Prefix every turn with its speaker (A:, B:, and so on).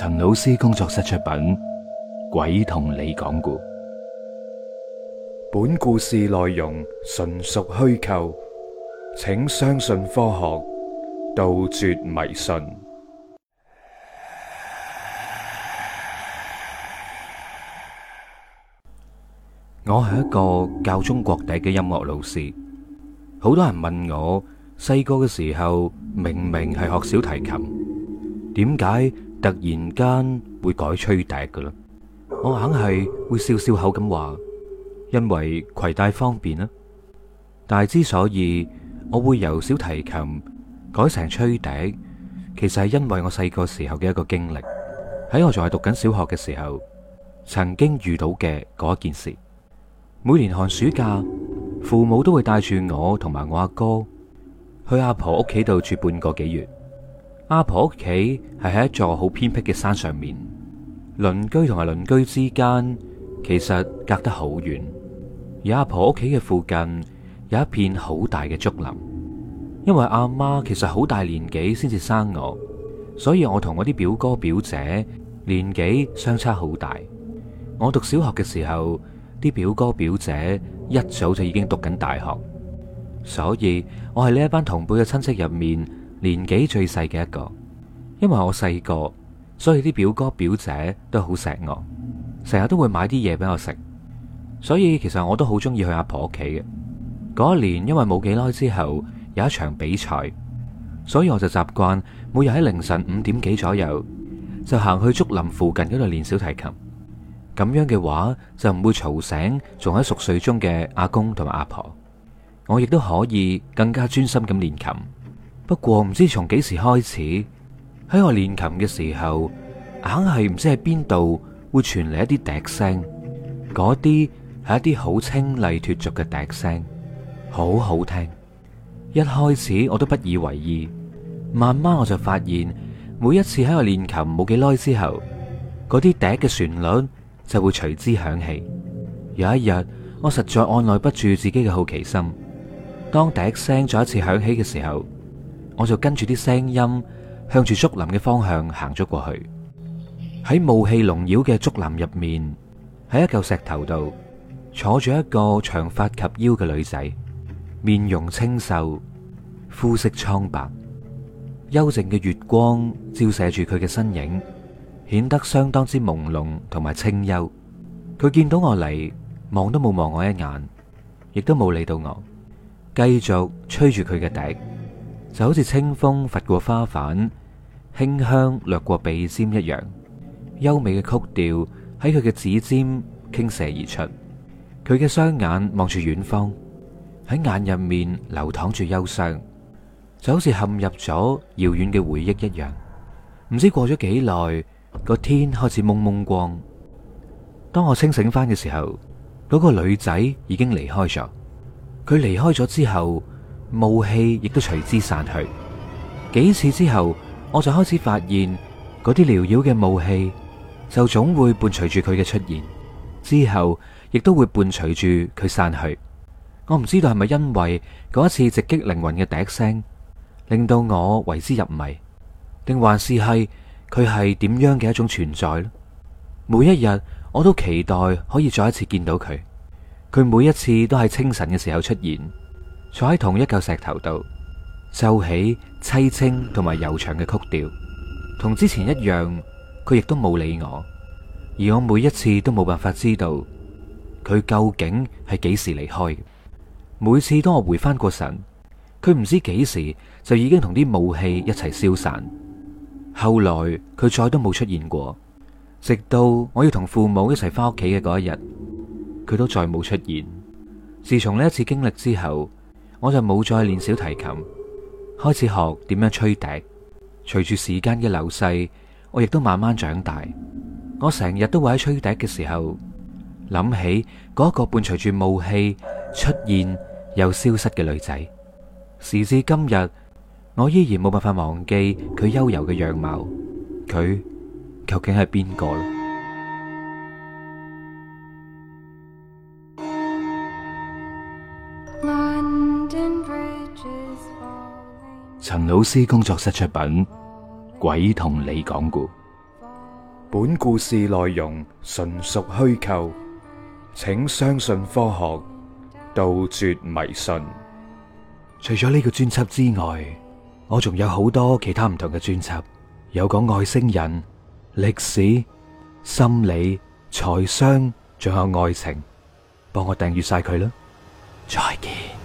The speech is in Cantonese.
A: 陳老師工作室出品《鬼同你講故》，本故事內容純屬虛構，請相信科學，杜絕迷信。我係一個教中國笛嘅音樂老師，好多人問我細個嘅時候明明係學小提琴，點解？突然間會改吹笛噶啦，我硬係會笑笑口咁話，因為攜帶方便啦。但係之所以我會由小提琴改成吹笛，其實係因為我細個時候嘅一個經歷，喺我仲係讀緊小學嘅時候，曾經遇到嘅嗰一件事。每年寒暑假，父母都會帶住我同埋我阿哥去阿婆屋企度住半個幾月。阿婆屋企係喺一座好偏僻嘅山上面，鄰居同埋鄰居之間其實隔得好遠。而阿婆屋企嘅附近有一片好大嘅竹林。因為阿媽其實好大年紀先至生我，所以我同我啲表哥表姐年紀相差好大。我讀小學嘅時候，啲表哥表姐一早就已經讀緊大學，所以我喺呢一班同輩嘅親戚入面，年紀最細嘅一個，因為我細個，所以啲表哥表姐都好錫我，成日都會買啲嘢俾我食。所以其實我都好中意去阿婆屋企嘅。嗰一年因為冇幾耐之後有一場比賽，所以我就習慣每日喺凌晨五點幾左右就行去竹林附近嗰度練小提琴。咁樣嘅話就唔會吵醒仲喺熟睡中嘅阿公同埋阿婆，我亦都可以更加專心咁練琴。不過唔知從幾時開始，喺我練琴嘅時候，硬係唔知喺邊度會傳嚟一啲笛聲。嗰啲係一啲好清麗脫俗嘅笛聲，好好聽。一開始我都不以為意，慢慢我就發現，每一次喺我練琴冇幾耐之後，嗰啲笛嘅旋律就會隨之響起。有一日，我實在按捺不住自己嘅好奇心，當笛聲再一次響起嘅時候。我就跟住啲聲音，向住竹林嘅方向行咗過去。喺霧氣籠繞嘅竹林入面，喺一嚿石頭度坐住一個長髮及腰嘅女仔，面容清秀，膚色蒼白。幽靜嘅月光照射住佢嘅身影，顯得相當之朦朧同埋清幽。佢見到我嚟，望都冇望我一眼，亦都冇理到我，繼續吹住佢嘅笛。就好似清風拂過花瓣，輕香掠過鼻尖一樣。優美嘅曲調喺佢嘅指尖傾瀉而出。佢嘅雙眼望住遠方，喺眼入面流淌住憂傷，就好似陷入咗遙遠嘅回憶一樣。唔知過咗幾耐，個天開始蒙蒙光。當我清醒翻嘅時候，嗰個女仔已經離開咗。佢離開咗之後。霧氣亦都隨之散去。幾次之後，我就開始發現嗰啲繚繞嘅霧氣就總會伴隨住佢嘅出現，之後亦都會伴隨住佢散去。我唔知道係咪因為嗰一次直擊靈魂嘅笛聲，令到我為之入迷，定還是係佢係點樣嘅一種存在呢？每一日我都期待可以再一次見到佢。佢每一次都喺清晨嘅時候出現。坐喺同一嚿石頭度，奏起凄清同埋悠長嘅曲調，同之前一樣，佢亦都冇理我。而我每一次都冇辦法知道佢究竟係幾時離開。每次當我回翻過神，佢唔知幾時就已經同啲霧氣一齊消散。後來佢再都冇出現過，直到我要同父母一齊翻屋企嘅嗰一日，佢都再冇出現。自從呢一次經歷之後，我就冇再練小提琴，開始學點樣吹笛。隨住時間嘅流逝，我亦都慢慢長大。我成日都會喺吹笛嘅時候諗起嗰個伴隨住霧氣出現又消失嘅女仔。時至今日，我依然冇辦法忘記佢悠柔嘅樣貌。佢究竟係邊個？陳老師工作室出品《鬼同你講故》，本故事內容純屬虛構，請相信科學，杜絕迷信。除咗呢個專輯之外，我仲有好多其他唔同嘅專輯，有講外星人、歷史、心理、財商，仲有愛情。幫我訂閱晒佢啦，再見。